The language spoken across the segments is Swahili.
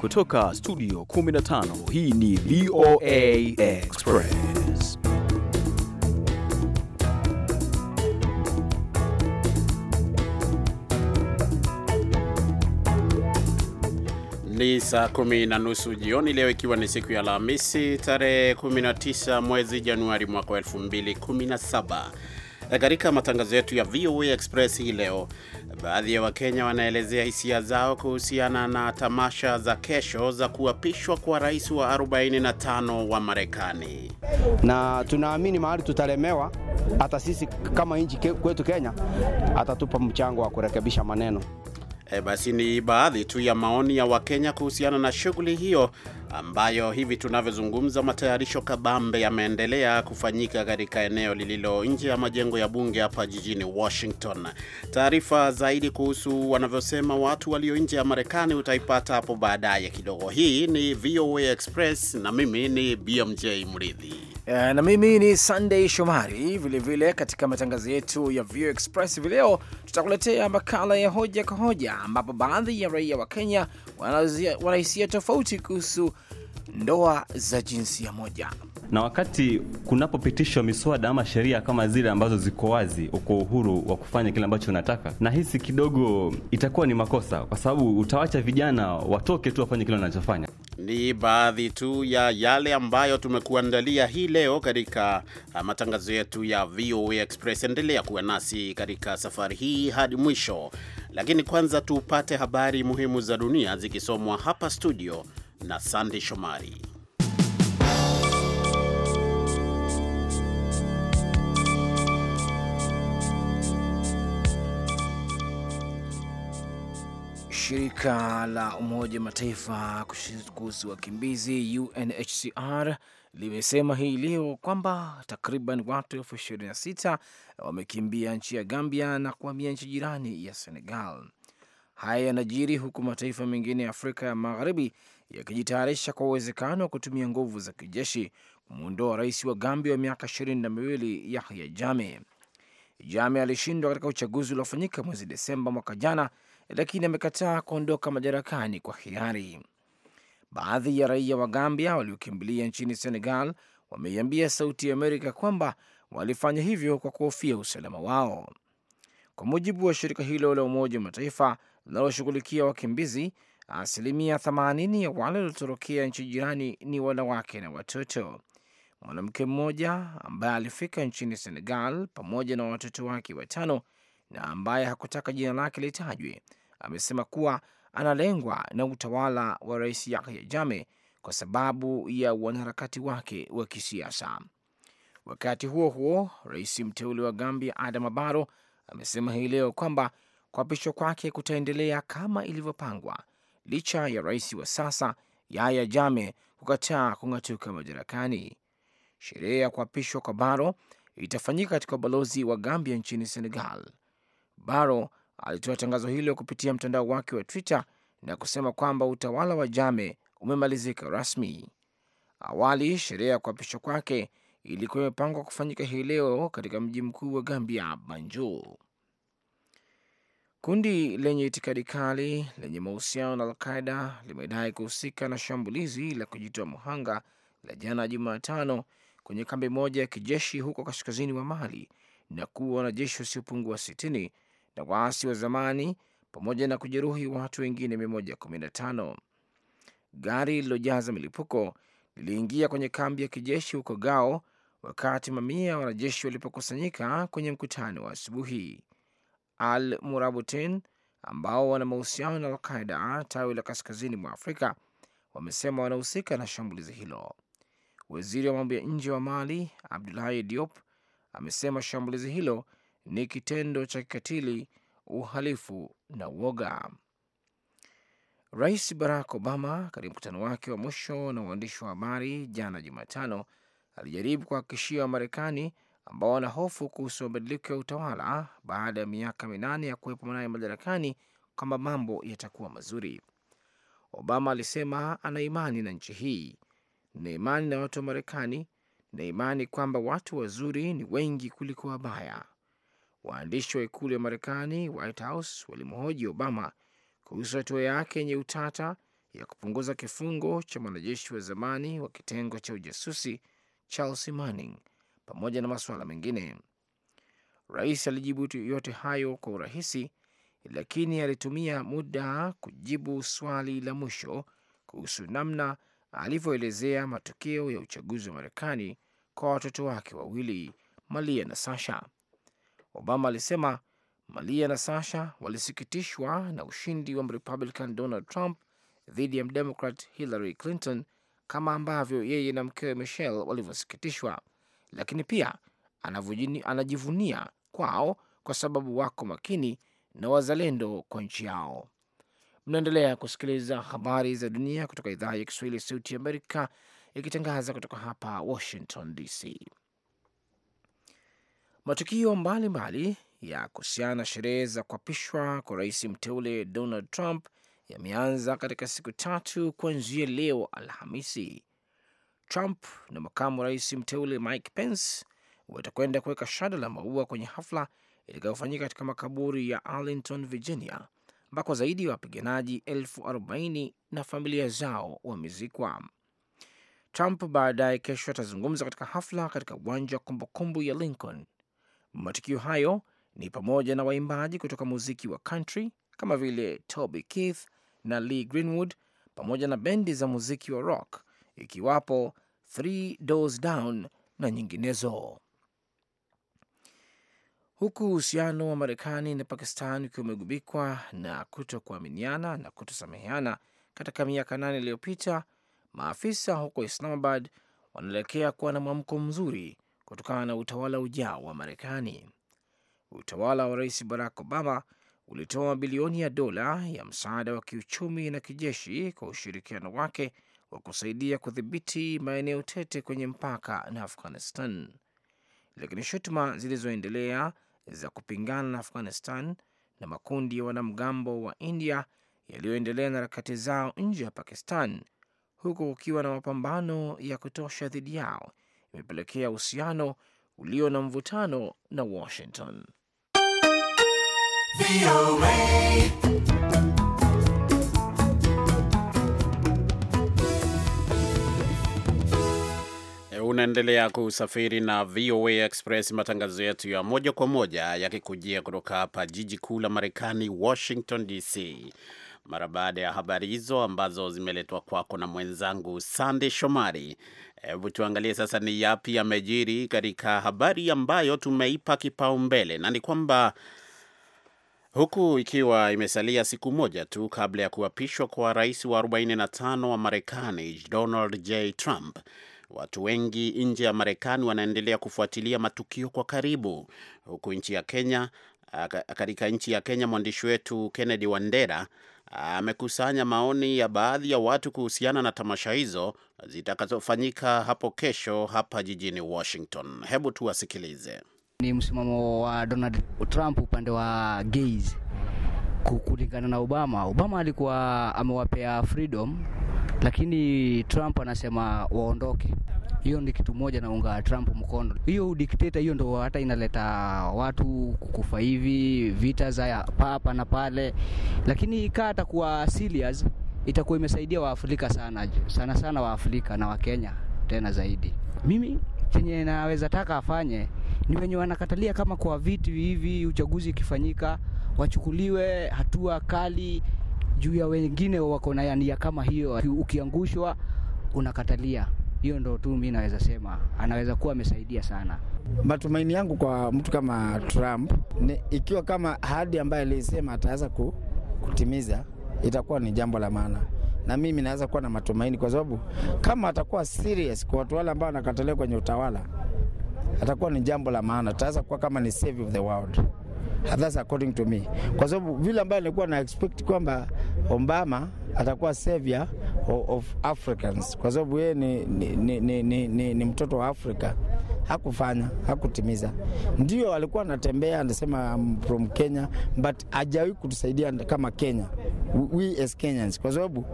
Kutoka studio 15 hii ni VOA Express. Ni saa kumi na nusu jioni leo, ikiwa ni siku ya Alhamisi tarehe 19 mwezi Januari mwaka 2017. Eh, katika matangazo yetu ya VOA Express hii leo, baadhi ya Wakenya wanaelezea hisia zao kuhusiana na tamasha za kesho za kuapishwa kwa rais wa 45 wa Marekani. Na tunaamini mahali tutalemewa, hata sisi kama nchi kwetu Kenya atatupa mchango wa kurekebisha maneno. E, basi ni baadhi tu ya maoni ya Wakenya kuhusiana na shughuli hiyo ambayo hivi tunavyozungumza matayarisho kabambe yameendelea kufanyika katika eneo lililo nje ya majengo ya bunge hapa jijini Washington. Taarifa zaidi kuhusu wanavyosema watu walio nje ya Marekani utaipata hapo baadaye kidogo. Hii ni VOA Express na mimi ni BMJ Mridhi eh, na mimi ni Sunday Shomari. Vilevile katika matangazo yetu ya VOA Express hivi leo tutakuletea makala ya hoja kwa hoja, ambapo baadhi ya raia wa Kenya wanahisia tofauti kuhusu ndoa za jinsia moja na wakati kunapopitishwa miswada ama sheria kama zile ambazo ziko wazi, uko uhuru wa kufanya kile ambacho unataka, nahisi kidogo itakuwa ni makosa, kwa sababu utawacha vijana watoke tu wafanye kile wanachofanya. Ni baadhi tu ya yale ambayo tumekuandalia hii leo katika uh, matangazo yetu ya VOA Express. Endelea kuwa nasi katika safari hii hadi mwisho, lakini kwanza tupate habari muhimu za dunia zikisomwa hapa studio na Sande Shomari. Shirika la Umoja wa Mataifa kuhusu wakimbizi UNHCR limesema hii leo kwamba takriban watu elfu ishirini na sita wamekimbia nchi ya Gambia na kuhamia nchi jirani ya Senegal. Haya yanajiri huku mataifa mengine ya Afrika ya Magharibi yakijitayarisha kwa uwezekano wa kutumia nguvu za kijeshi kumwondoa rais wa Gambia wa miaka ishirini na miwili Yahya jame jame alishindwa katika uchaguzi uliofanyika mwezi Desemba mwaka jana lakini amekataa kuondoka madarakani kwa hiari. Baadhi ya raia wa Gambia waliokimbilia nchini Senegal wameiambia Sauti ya Amerika kwamba walifanya hivyo kwa kuhofia usalama wao. Kwa mujibu wa shirika hilo la Umoja wa Mataifa linaloshughulikia wakimbizi, asilimia 80 ya wale waliotorokea nchi jirani ni wanawake na watoto. Mwanamke mmoja ambaye alifika nchini Senegal pamoja na watoto wake watano na ambaye hakutaka jina lake litajwe amesema kuwa analengwa na utawala wa Rais Yahya Jame kwa sababu ya wanaharakati wake wa kisiasa. Wakati huo huo, rais mteule wa Gambia Adama Barrow amesema hii leo kwamba kuapishwa kwake kutaendelea kama ilivyopangwa licha ya rais wa sasa Yaya Jame kukataa kung'atuka madarakani. Sherehe ya kuapishwa kwa baro itafanyika katika ubalozi wa Gambia nchini Senegal. Baro alitoa tangazo hilo kupitia mtandao wake wa Twitter na kusema kwamba utawala wa Jame umemalizika rasmi. Awali sherehe ya kuapishwa kwake ilikuwa imepangwa kufanyika hii leo katika mji mkuu wa Gambia, Banjul. Kundi lenye itikadi kali lenye mahusiano na Alqaida limedai kuhusika na shambulizi la kujitoa muhanga la jana Jumatano kwenye kambi moja ya kijeshi huko kaskazini wa Mali na kuwa wanajeshi wasiopungua sitini na waasi wa zamani pamoja na kujeruhi watu wengine 115. Gari lililojaza milipuko liliingia kwenye kambi ya kijeshi huko Gao wakati mamia ya wanajeshi walipokusanyika kwenye mkutano wa asubuhi. Al murabutin ambao wana mahusiano na Alqaida tawi la kaskazini mwa Afrika wamesema wanahusika na shambulizi hilo. Waziri wa mambo ya nje wa Mali Abdulahi Diop amesema shambulizi hilo ni kitendo cha kikatili, uhalifu na uoga Rais Barack Obama katika mkutano wake wa mwisho na waandishi wa habari jana Jumatano alijaribu kuhakikishia Wamarekani ambao wana hofu kuhusu mabadiliko ya utawala baada ya miaka minane ya kuwepo naye madarakani kwamba mambo yatakuwa mazuri. Obama alisema ana imani na nchi hii, nina imani na watu wa Marekani, nina imani kwamba watu wazuri ni wengi kuliko wabaya. Waandishi wa ikulu ya Marekani, White House, walimhoji Obama kuhusu hatua yake yenye utata ya kupunguza kifungo cha mwanajeshi wa zamani wa kitengo cha ujasusi Charles Manning pamoja na masuala mengine. Rais alijibu yote hayo kwa urahisi, lakini alitumia muda kujibu swali la mwisho kuhusu namna alivyoelezea matokeo ya uchaguzi wa Marekani kwa watoto wake wawili Malia na Sasha. Obama alisema Malia na Sasha walisikitishwa na ushindi wa Mrepublican Donald Trump dhidi ya Mdemokrat Hillary Clinton kama ambavyo yeye na mkewe Michelle walivyosikitishwa, lakini pia anajivunia kwao kwa sababu wako makini na wazalendo kwa nchi yao. Mnaendelea kusikiliza habari za dunia kutoka idhaa ya Kiswahili ya Sauti Amerika ikitangaza kutoka hapa Washington DC. Matukio mbalimbali ya kuhusiana na sherehe za kuapishwa kwa rais mteule Donald Trump yameanza katika siku tatu kuanzia leo Alhamisi. Trump na makamu rais mteule Mike Pence watakwenda kuweka shada la maua kwenye hafla itakayofanyika katika makaburi ya Arlington, Virginia, ambako zaidi ya wa wapiganaji elfu arobaini na familia zao wamezikwa. Trump baadaye kesho atazungumza katika hafla katika uwanja wa kumbukumbu ya Lincoln Matukio hayo ni pamoja na waimbaji kutoka muziki wa country kama vile Toby Keith na Lee Greenwood pamoja na bendi za muziki wa rock ikiwapo Three Doors Down na nyinginezo. Huku uhusiano wa Marekani na Pakistan ukiwa umegubikwa na kutokuaminiana na kutosameheana katika miaka nane iliyopita, maafisa huko Islamabad wanaelekea kuwa na mwamko mzuri kutokana na utawala ujao wa Marekani. Utawala wa Rais Barack Obama ulitoa mabilioni ya dola ya msaada wa kiuchumi na kijeshi kwa ushirikiano wake wa kusaidia kudhibiti maeneo tete kwenye mpaka na Afghanistan, lakini shutuma zilizoendelea za kupingana na Afghanistan na makundi ya wanamgambo wa India yaliyoendelea na harakati zao nje ya Pakistan, huku kukiwa na mapambano ya kutosha dhidi yao imepelekea uhusiano ulio na mvutano na Washington. Unaendelea kusafiri na VOA Express, matangazo yetu ya moja kwa moja yakikujia kutoka hapa jiji kuu la Marekani, Washington DC mara baada ya habari hizo ambazo zimeletwa kwako na mwenzangu Sande Shomari. Hebu tuangalie sasa ni yapi yamejiri katika habari ambayo tumeipa kipaumbele, na ni kwamba huku ikiwa imesalia siku moja tu kabla ya kuapishwa kwa rais wa 45 wa Marekani Donald J. Trump, watu wengi nje ya Marekani wanaendelea kufuatilia matukio kwa karibu, huku nchi ya Kenya katika nchi ya Kenya mwandishi wetu Kennedy Wandera amekusanya maoni ya baadhi ya watu kuhusiana na tamasha hizo zitakazofanyika hapo kesho hapa jijini Washington. Hebu tuwasikilize. Ni msimamo wa Donald Trump upande wa gays kulingana na Obama. Obama alikuwa amewapea freedom, lakini Trump anasema waondoke. Hiyo ni kitu moja naunga Trump mkono. Hiyo udikteta hiyo ndo hata inaleta watu kukufa hivi, vita za papa na pale, lakini ikaa atakuwa serious, itakuwa imesaidia Waafrika sana sana sana, Waafrika na Wakenya tena zaidi. Mimi chenye naweza taka afanye ni wenye wanakatalia kama kwa viti hivi, uchaguzi ikifanyika, wachukuliwe hatua kali juu ya wengine wako na nia kama hiyo. Ukiangushwa unakatalia hiyo ndo tu mi naweza sema, anaweza kuwa amesaidia sana. Matumaini yangu kwa mtu kama Trump ni ikiwa kama hadi ambayo alisema ataweza ku, kutimiza itakuwa ni jambo la maana, na mimi naweza kuwa na matumaini kwa sababu kama atakuwa serious kwa watu wale ambao wanakataliwa kwenye utawala, atakuwa ni jambo la maana, ataweza kuwa kama ni save of the world. That's according to me, kwa sababu vile ambayo nilikuwa na expect kwamba Obama atakuwa savior of Africans, kwa sababu yeye ni, ni, ni, ni, ni, ni mtoto wa Afrika. Hakufanya, hakutimiza. Ndio alikuwa anatembea anasema from Kenya, but hajawahi kutusaidia kama Kenya we as Kenyans, kwa sababu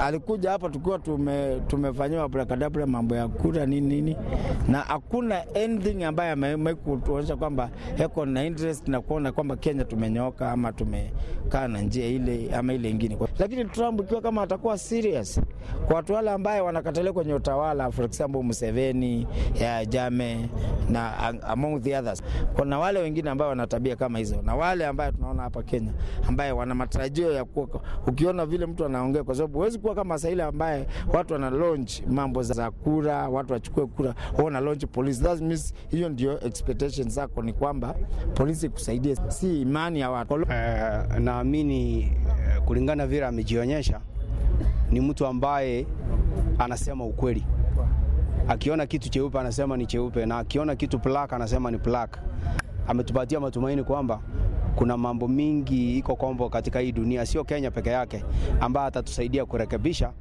alikuja hapa tukiwa tume, tumefanyiwa abrakadabra mambo ya kura nini nini, na hakuna anything ambaye amekutuonyesha kwamba heko na interest na kuona kwamba Kenya tumenyoka ama tumekaa na njia ile ama ile ingine. Lakini Trump ikiwa kama atakuwa serious kwa watu wale ambaye wanakatalia kwenye utawala, for example Museveni ya Jame na among the others, kuna wale wengine ambao wanatabia kama hizo na wale ambaye tunaona hapa Kenya ambaye wana matarajio ya kuwa kuondoka, ukiona vile mtu anaongea, kwa sababu huwezi kuwa kama ile ambaye watu wana launch mambo za kura, watu wachukue kura, wana launch polisi. That means hiyo ndio expectation zako ni kwamba polisi kusaidia, si imani ya watu. Uh, naamini eh, kulingana vile amejionyesha ni mtu ambaye anasema ukweli. Akiona kitu cheupe anasema ni cheupe, na akiona kitu plaka anasema ni plaka. Ametupatia matumaini kwamba kuna mambo mingi iko kombo katika hii dunia, sio Kenya peke yake, ambayo atatusaidia kurekebisha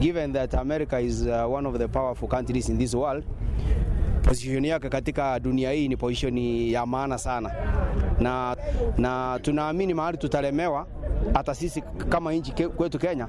given that America is uh, one of the powerful countries in this world. Position yake katika dunia hii ni position ya maana sana, na, na tunaamini mahali tutalemewa hata sisi kama nchi kwetu Kenya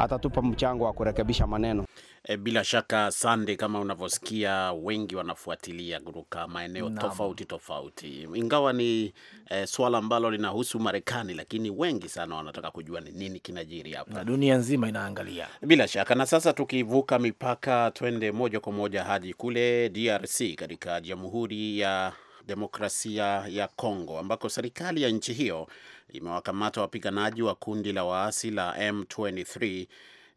atatupa mchango wa kurekebisha maneno. E, bila shaka Sande, kama unavyosikia wengi wanafuatilia kutoka maeneo Naam. tofauti tofauti, ingawa ni e, swala ambalo linahusu Marekani, lakini wengi sana wanataka kujua ni nini kinajiri hapa na dunia nzima inaangalia bila shaka. Na sasa tukivuka mipaka, twende moja kwa moja hadi kule DRC katika Jamhuri ya Demokrasia ya Kongo ambako serikali ya nchi hiyo imewakamata wapiganaji wa kundi la waasi la M23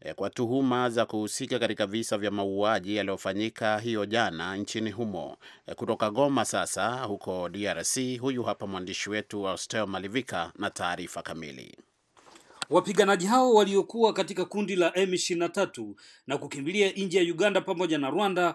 eh, kwa tuhuma za kuhusika katika visa vya mauaji yaliyofanyika hiyo jana nchini humo. Eh, kutoka Goma sasa huko DRC, huyu hapa mwandishi wetu Austel Malivika na taarifa kamili. Wapiganaji hao waliokuwa katika kundi la M23 na kukimbilia nje ya Uganda pamoja na Rwanda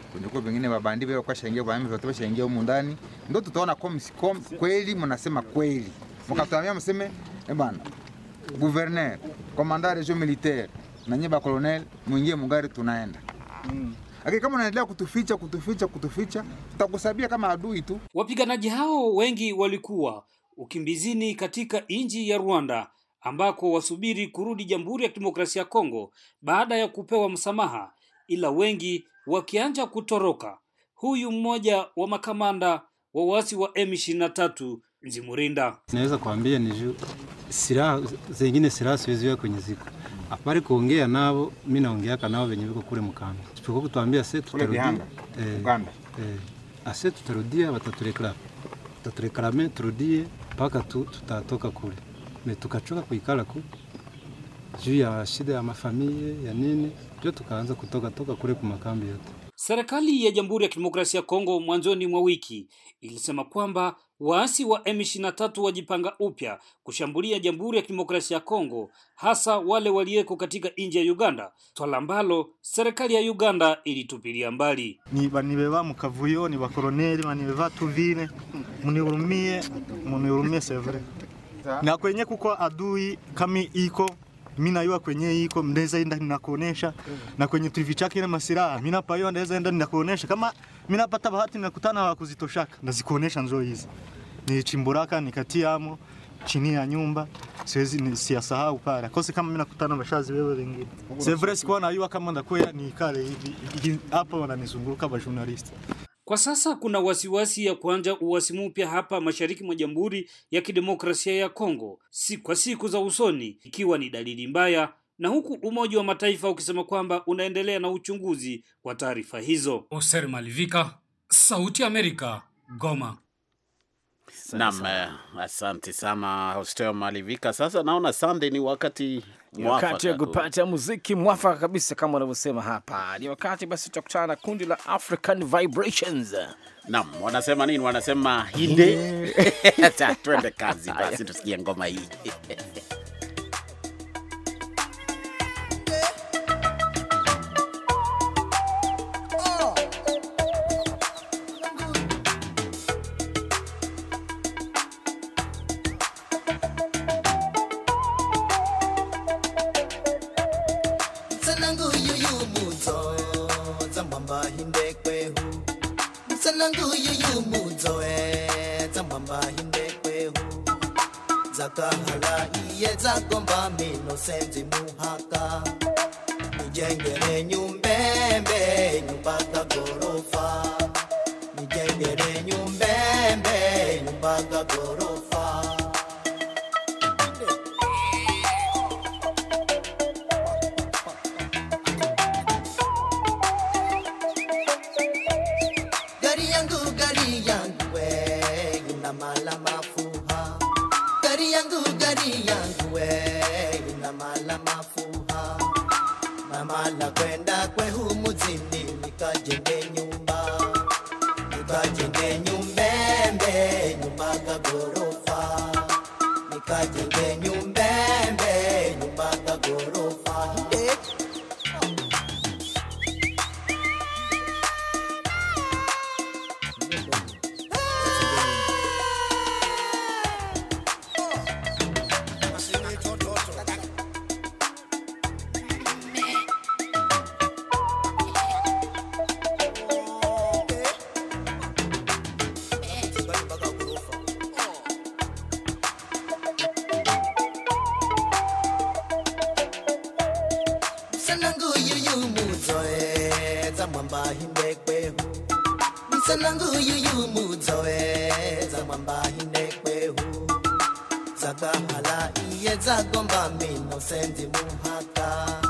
kunyuko vingine babandi vile kwa shangia kwa mimi kwa shangia huko ndani, ndio tutaona coms com kweli mnasema kweli, mkatuambia mseme eh bana, gouverneur commandant région militaire na nyeba colonel, mwingie mungari, tunaenda mm. Lakini kama unaendelea kutuficha kutuficha kutuficha, tutakusabia kama adui tu. Wapiganaji hao wengi walikuwa ukimbizini katika nchi ya Rwanda ambako wasubiri kurudi Jamhuri ya Kidemokrasia ya Kongo baada ya kupewa msamaha, ila wengi wakianja kutoroka, huyu mmoja wa makamanda wa waasi wa M23 Nzimurinda. Naweza kuambia ni juu silaha zingine, silaha siweziwa kwenye ziko apari kuongea nabo, mimi naongeaka nao venye viko kule mkanda tuko kutuambia sasa eh, eh. Ah, tutarudia eh, eh, ase tutarudia, bataturekara bataturekarame turudie mpaka tu tutatoka kule me tukachoka kuikala kule juu ya shida ya mafamilie ya nini, ndio tukaanza kutoka toka kule kwa makambi yote. Serikali ya Jamhuri ya Kidemokrasia ya Kongo mwanzoni mwa wiki ilisema kwamba waasi wa M23 wajipanga upya kushambulia Jamhuri ya Kidemokrasia ya Kongo, hasa wale walioko katika nchi ya Uganda, swala ambalo serikali ya Uganda ilitupilia mbali. ni banibeba mukavuyo ni bakoloneli banibeba tuvine munihurumie munihurumie sevre na kwenye kuko adui kami iko mimi naiwa kwenye iko mndeza enda ninakuonesha na kwenye TV chake na masiraha mimi napa hiyo ndeza enda ninakuonesha kama mimi napata bahati nakutana wa kuzitoshaka ndazikuonesha nzo hizi ni chimburaka nikatia amo chini ya nyumba siwezi siyasahau pale kose kama mimi nakutana bashazi wewe wengine sevres kwa sikuwa naiwa kama ndakoya ni kale hivi hapa wananizunguka ba journalist kwa sasa kuna wasiwasi ya kuanza uasi mpya hapa mashariki mwa Jamhuri ya Kidemokrasia ya Kongo si kwa siku za usoni, ikiwa ni dalili mbaya na huku Umoja wa Mataifa ukisema kwamba unaendelea na uchunguzi wa taarifa hizo. Oser Malivika, Sauti ya Amerika, Goma. Naam, eh, asante sana Hostel Malivika. Sasa naona Sunday ni wakati wakati wa kupata muziki mwafaka kabisa, kama wanavyosema hapa ni wakati basi, tutakutana na kundi la African Vibrations. Naam, wanasema nini? Wanasema hinde. Twende kazi basi, tusikie ngoma hii Msa langu yuyu muzo Zambamba hindekwehu Msa langu yuyu muzo Zambamba Zaka Zakahala iye zagomba mino senzi muhaka mijengere nyumbembe nyumba za gorofa mijengere nyumbembe nyumba gorofa Senti muhata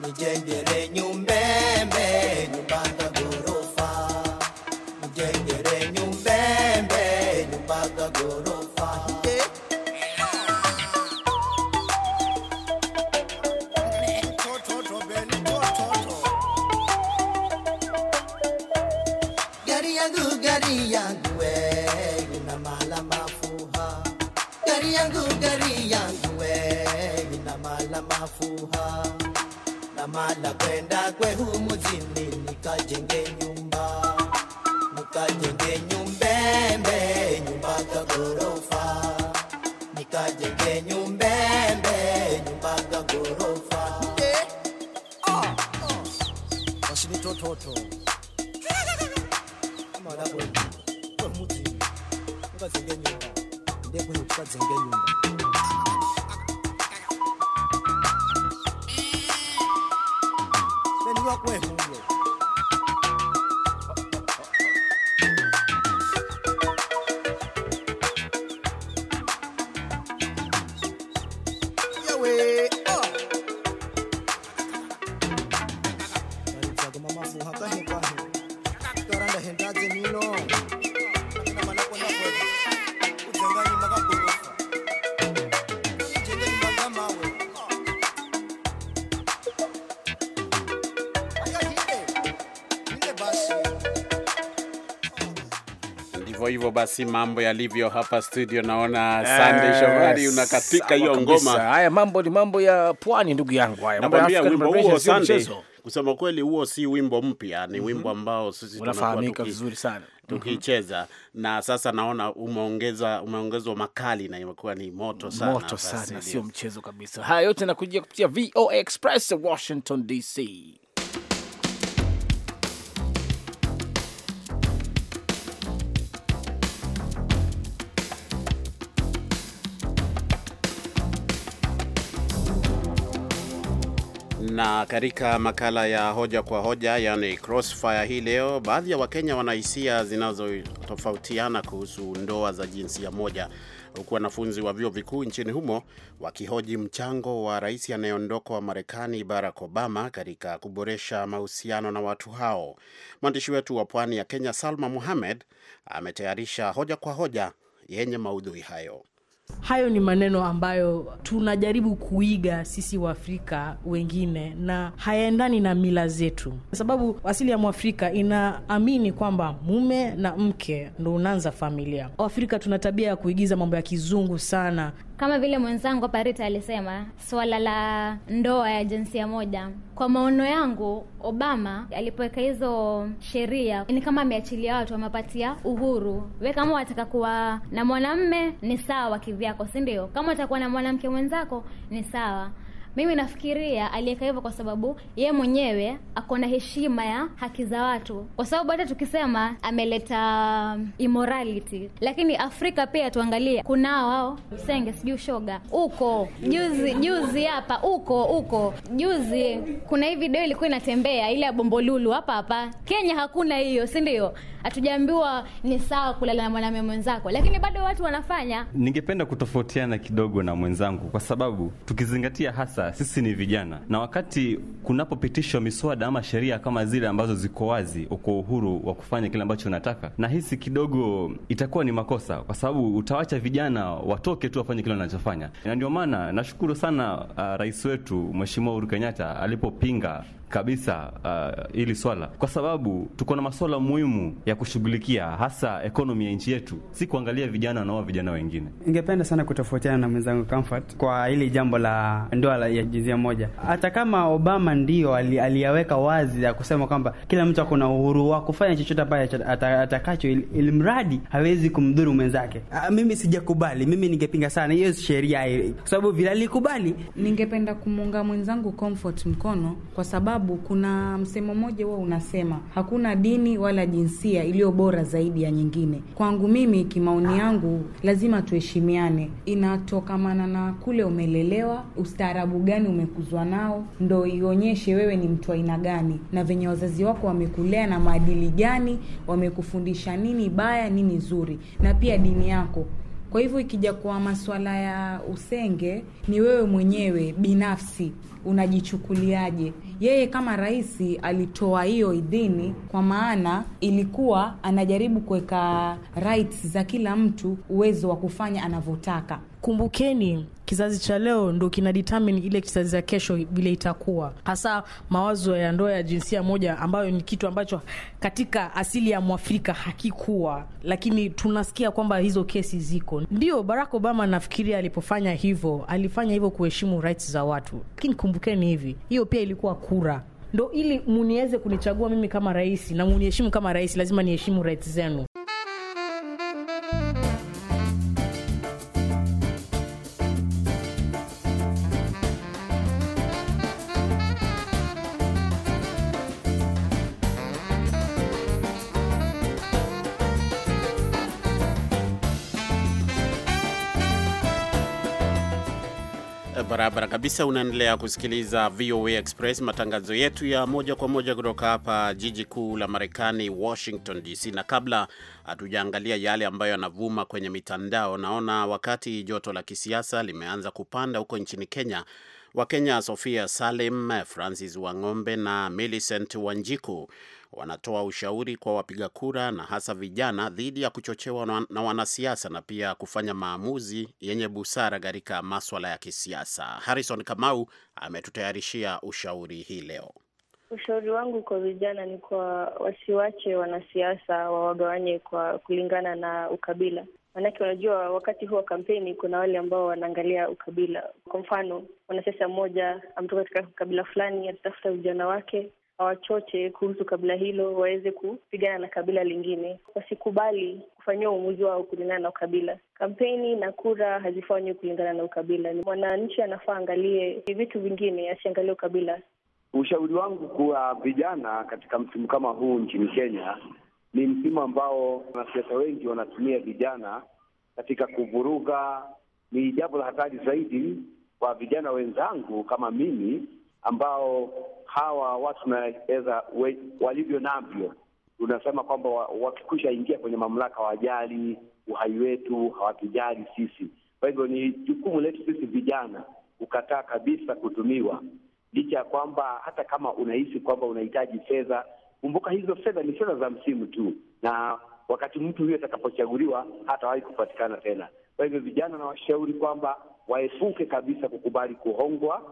nijengere nyumbembe nyumba za ghorofa nijengere nyumbembe nyumba za ghorofa basi mambo yalivyo hapa studio. Naona yes, Sunday Shomari unakatika hiyo ngoma. Haya mambo ni mambo ya pwani ndugu yangu, haya mambo ya wimbo huo Sunday. Kusema kweli, huo si wimbo mpya, ni mhm. wimbo ambao sisi tunafahamika vizuri sana tukicheza na sasa naona umeongeza umeongezwa makali na imekuwa ni moto sana, moto sana, sio mchezo kabisa. Haya yote nakujia kupitia VOA Express Washington DC. Na katika makala ya hoja kwa hoja, yani crossfire hii leo, baadhi ya Wakenya wana hisia zinazotofautiana kuhusu ndoa za jinsia moja, huku wanafunzi wa vyuo vikuu nchini humo wakihoji mchango wa rais anayeondoka wa Marekani Barack Obama katika kuboresha mahusiano na watu hao. Mwandishi wetu wa pwani ya Kenya Salma Muhamed ametayarisha hoja kwa hoja yenye maudhui hayo. Hayo ni maneno ambayo tunajaribu kuiga sisi Waafrika wengine na hayaendani na mila zetu, kwa sababu asili ya Mwafrika inaamini kwamba mume na mke ndo unaanza familia. Waafrika tuna tabia ya kuigiza mambo ya kizungu sana, kama vile mwenzangu parita alisema swala la ndoa ya jinsia moja. Kwa maono yangu, Obama alipoweka hizo sheria ni kama ameachilia watu, wamepatia uhuru. We kama wataka kuwa na mwanamme ni sawa ki vyako si ndio? Kama utakuwa na mwanamke mwenzako ni sawa, mimi nafikiria aliweka hivyo kwa sababu ye mwenyewe ako na heshima ya haki za watu, kwa sababu hata tukisema ameleta um, immorality, lakini Afrika pia tuangalie, kuna wao senge, sijui shoga uko juzi juzi hapa uko uko juzi, kuna hii video ilikuwa inatembea ile ya bombolulu hapa hapa Kenya. Hakuna hiyo, si ndio? Hatujaambiwa ni sawa kulala na mwanaume mwenzako, lakini bado watu wanafanya. Ningependa kutofautiana kidogo na mwenzangu, kwa sababu tukizingatia hasa sasa sisi ni vijana, na wakati kunapopitishwa miswada ama sheria kama zile ambazo ziko wazi, uko uhuru wa kufanya kile ambacho unataka, nahisi kidogo itakuwa ni makosa, kwa sababu utawacha vijana watoke tu wafanye kile wanachofanya. Na ndio maana nashukuru sana uh, rais wetu Mheshimiwa Uhuru Kenyatta alipopinga kabisa uh, ili swala, kwa sababu tuko na masuala muhimu ya kushughulikia, hasa ekonomi ya nchi yetu, si kuangalia vijana wanaoa vijana wengine. Ningependa sana kutofautiana na mwenzangu Comfort kwa hili jambo la ndoa ya jinsia moja. Hata kama Obama ndio aliyaweka wazi ya kusema kwamba kila mtu ako na uhuru wa kufanya chochote pale atakacho, ilimradi hawezi kumdhuru mwenzake. Ah, mimi sijakubali, mimi ningepinga sana hiyo sheria, kwa sababu vile alikubali. Ningependa kumuunga mwenzangu Comfort mkono kwa sababu sababu kuna msemo mmoja huwa unasema hakuna dini wala jinsia iliyo bora zaidi ya nyingine. Kwangu mimi, kimaoni yangu, lazima tuheshimiane. Inatokamana na kule umelelewa, ustaarabu gani umekuzwa nao, ndo ionyeshe wewe ni mtu aina gani, na venye wazazi wako wamekulea na maadili gani, wamekufundisha nini baya, nini zuri, na pia dini yako kwa hivyo ikija kwa masuala ya usenge, ni wewe mwenyewe binafsi unajichukuliaje? Yeye kama rais alitoa hiyo idhini, kwa maana ilikuwa anajaribu kuweka rights za kila mtu, uwezo wa kufanya anavyotaka. Kumbukeni kizazi cha leo ndo kina determine ile kizazi cha kesho vile itakuwa, hasa mawazo ya ndoa ya jinsia moja, ambayo ni kitu ambacho katika asili ya Mwafrika hakikuwa, lakini tunasikia kwamba hizo kesi ziko. Ndio Barack Obama nafikiria alipofanya hivyo, alifanya hivyo kuheshimu rights za watu, lakini kumbukeni hivi, hiyo pia ilikuwa kura ndo ili muniweze kunichagua mimi kama rais na muniheshimu kama rais, lazima niheshimu rights zenu. barabara kabisa. Unaendelea kusikiliza VOA Express, matangazo yetu ya moja kwa moja kutoka hapa jiji kuu la Marekani, Washington DC. Na kabla hatujaangalia yale ambayo yanavuma kwenye mitandao, naona wakati joto la kisiasa limeanza kupanda huko nchini Kenya, Wakenya Sofia Salim, Francis Wang'ombe na Millicent Wanjiku wanatoa ushauri kwa wapiga kura na hasa vijana dhidi ya kuchochewa na wanasiasa na pia kufanya maamuzi yenye busara katika maswala ya kisiasa. Harrison Kamau ametutayarishia ushauri hii leo. Ushauri wangu kwa vijana ni kwa wasiwache wanasiasa wawagawanye kwa kulingana na ukabila. Maanake unajua, wakati huu wa kampeni kuna wale ambao wanaangalia ukabila. Kwa mfano, mwanasiasa mmoja ametoka katika kabila fulani, atatafuta vijana wake wachoche kuhusu kabila hilo waweze kupigana na kabila lingine, wasikubali kufanyia uamuzi wao kulingana na ukabila. Kampeni na kura hazifanywi kulingana na ukabila. Mwananchi anafaa angalie vitu vingine, asiangalie ukabila. Ushauri wangu kwa vijana katika msimu kama huu nchini Kenya ni msimu ambao wanasiasa wengi wanatumia vijana katika kuvuruga. Ni jambo la hatari zaidi kwa vijana wenzangu kama mimi ambao hawa watu naweza walivyo navyo, tunasema kwamba wakikwisha ingia kwenye mamlaka wajali uhai wetu, hawatujali sisi. Kwa hivyo ni jukumu letu sisi vijana kukataa kabisa kutumiwa, licha ya kwamba hata kama unahisi kwamba unahitaji fedha, kumbuka hizo fedha ni fedha za msimu tu, na wakati mtu huyo atakapochaguliwa hatawahi kupatikana tena. Kwa hivyo vijana nawashauri kwamba waefuke kabisa kukubali kuhongwa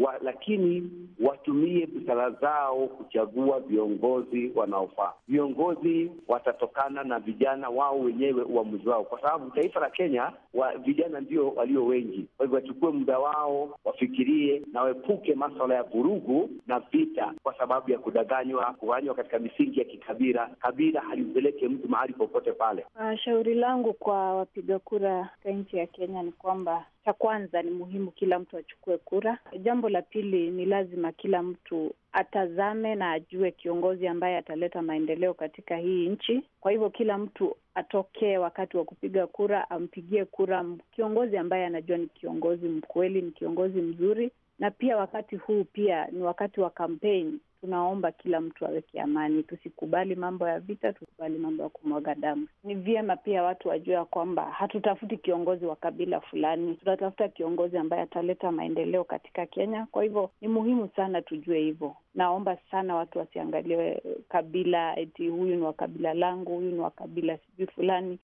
wa, lakini watumie busara zao kuchagua viongozi wanaofaa. Viongozi watatokana na vijana wao wenyewe, uamuzi wao, kwa sababu taifa la Kenya wa, vijana ndio walio wengi. Kwa hivyo wachukue muda wao, wafikirie na waepuke maswala ya vurugu na vita kwa sababu ya kudanganywa, kuganywa katika misingi ya kikabila. Kabila halimpeleke mtu mahali popote pale. Uh, shauri langu kwa wapiga kura katika nchi ya Kenya ni kwamba cha kwanza ni muhimu kila mtu achukue kura. Jambo Jambo la pili ni lazima kila mtu atazame na ajue kiongozi ambaye ataleta maendeleo katika hii nchi. Kwa hivyo kila mtu atokee wakati wa kupiga kura, ampigie kura kiongozi ambaye anajua ni kiongozi mkweli, ni kiongozi mzuri. Na pia wakati huu pia ni wakati wa kampeni, tunaomba kila mtu aweke amani, tusikubali mambo ya vita, tusikubali mambo ya kumwaga damu. Ni vyema pia watu wajua ya kwamba hatutafuti kiongozi wa kabila fulani, tunatafuta kiongozi ambaye ataleta maendeleo katika Kenya. Kwa hivyo ni muhimu sana tujue hivyo. Naomba sana watu wasiangalie kabila, eti huyu ni wa kabila langu, huyu ni wa kabila sijui fulani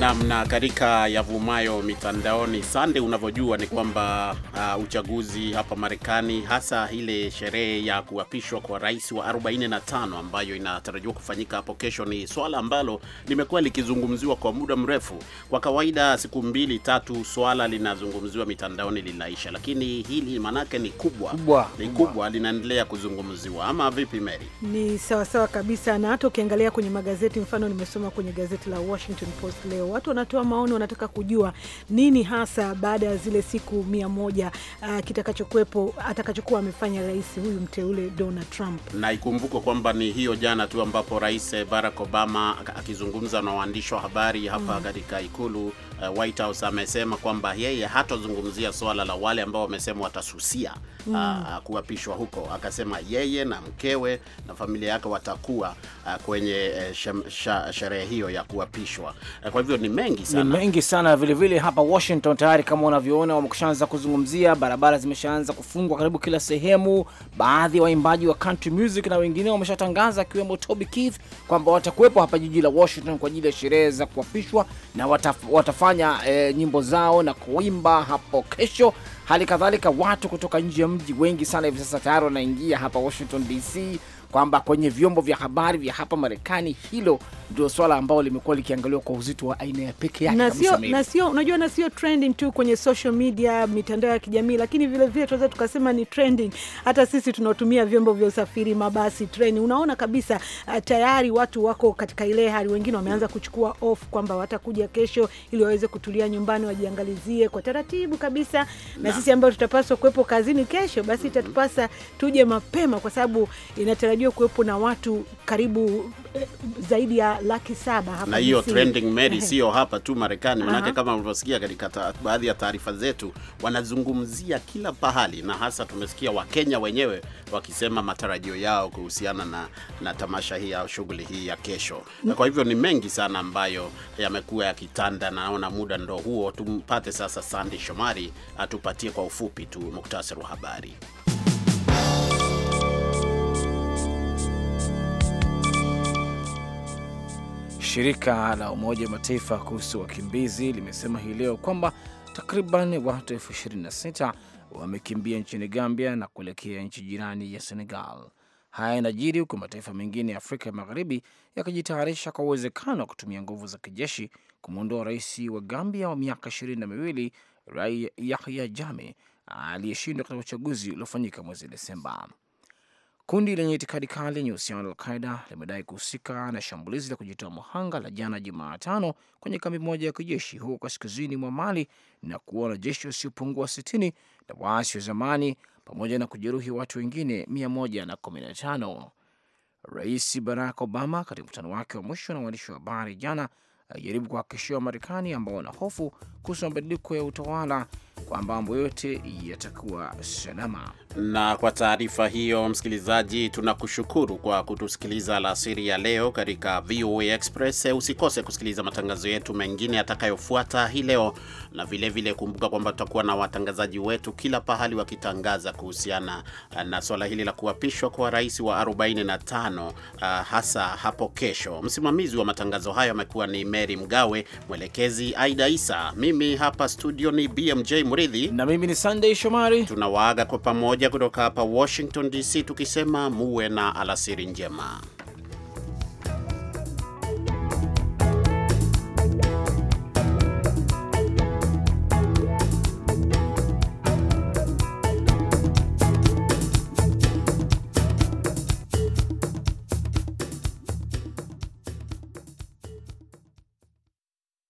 namna katika yavumayo mitandaoni sande, unavyojua ni kwamba uh, uchaguzi hapa Marekani, hasa ile sherehe ya kuapishwa kwa rais wa 45 ambayo inatarajiwa kufanyika hapo kesho, ni swala ambalo limekuwa likizungumziwa kwa muda mrefu. Kwa kawaida siku mbili tatu swala linazungumziwa mitandaoni linaisha, lakini hili maanake ni kubwa, kubwa, ni kubwa linaendelea kuzungumziwa. Ama vipi Mary? Ni sawasawa kabisa, na hata ukiangalia kwenye magazeti, mfano nimesoma kwenye gazeti la Washington Post leo watu wanatoa maoni, wanataka kujua nini hasa baada ya zile siku mia moja uh, kitakachokuwepo atakachokuwa amefanya rais huyu mteule Donald Trump. Na ikumbukwe kwamba ni hiyo jana tu ambapo rais Barack Obama akizungumza na waandishi wa habari hapa mm, katika ikulu uh, White House amesema kwamba yeye hatazungumzia swala la wale ambao wamesema watasusia uh, mm, uh, kuapishwa huko. Akasema yeye na mkewe na familia yake watakuwa uh, kwenye uh, sherehe hiyo ya kuapishwa uh, kwa hivyo ni mengi sana, ni mengi sana vilevile. Vile hapa Washington tayari kama unavyoona wamekushaanza kuzungumzia, barabara zimeshaanza kufungwa karibu kila sehemu. Baadhi ya wa waimbaji wa country music na wengine wameshatangaza, akiwemo Toby Keith kwamba watakuwepo hapa jiji la Washington kwa ajili ya sherehe za kuapishwa na wataf, watafanya e, nyimbo zao na kuimba hapo kesho. Hali kadhalika watu kutoka nje ya mji wengi sana hivi sasa tayari wanaingia hapa Washington DC, kwamba kwenye vyombo vya habari vya hapa Marekani hilo ndio swala ambalo limekuwa likiangaliwa kwa uzito wa aina ya peke yake, na sio na sio unajua, na sio trending tu kwenye social media, mitandao ya kijamii, lakini vile vile tunaweza tukasema ni trending hata sisi tunaotumia vyombo vya usafiri, mabasi, treni. Unaona kabisa uh, tayari watu wako katika ile hali, wengine wameanza kuchukua off kwamba watakuja kesho ili waweze kutulia nyumbani, wajiangalizie kwa taratibu kabisa na, na sisi ambao tutapaswa kuwepo kazini kesho, basi mm-hmm. itatupasa tuje mapema, kwa sababu inatarajiwa kuwepo na watu karibu eh, zaidi ya laki saba na hiyo trending med siyo hapa tu Marekani, manake uh -huh. kama mlivyosikia katika baadhi ya taarifa zetu wanazungumzia kila pahali, na hasa tumesikia Wakenya wenyewe wakisema matarajio yao kuhusiana na, na tamasha hii au shughuli hii ya kesho. Na kwa hivyo ni mengi sana ambayo yamekuwa yakitanda. Naona muda ndo huo, tumpate sasa Sandy Shomari atupatie kwa ufupi tu muktasari wa habari. Shirika la Umoja wa Mataifa kuhusu wakimbizi limesema hii leo kwamba takriban watu elfu 26 wamekimbia nchini Gambia na kuelekea nchi jirani ya Senegal. Haya yanajiri huku mataifa mengine ya Afrika ya Magharibi yakijitayarisha kwa uwezekano wa kutumia nguvu za kijeshi kumwondoa rais wa Gambia wa miaka ishirini na miwili Yahya jame aliyeshindwa katika uchaguzi uliofanyika mwezi Desemba. Kundi lenye itikadi kali lenye uhusiano na Alqaida limedai kuhusika na shambulizi la kujitoa muhanga la jana Jumatano kwenye kambi moja ya kijeshi huko kaskazini mwa Mali na kuua wanajeshi wasiopungua sitini na waasi wa zamani pamoja na kujeruhi watu wengine 115. Rais Barack Obama katika mkutano wake wa mwisho na waandishi wa habari jana alijaribu kuhakikishia Wamarekani ambao wana hofu kuhusu mabadiliko ya utawala kwamba mambo yote yatakuwa salama. Na kwa taarifa hiyo, msikilizaji, tunakushukuru kwa kutusikiliza alasiri ya leo katika VOA Express. Usikose kusikiliza matangazo yetu mengine yatakayofuata hii leo, na vilevile vile kumbuka kwamba tutakuwa na watangazaji wetu kila pahali wakitangaza kuhusiana na swala hili la kuapishwa kwa rais wa 45 ah, hasa hapo kesho. Msimamizi wa matangazo hayo amekuwa ni Mary Mgawe, mwelekezi Aida Isa, mimi hapa studio ni BMJ Mridhi na mimi ni Sunday Shomari. Tunawaaga kwa pamoja kutoka hapa Washington DC, tukisema muwe na alasiri njema.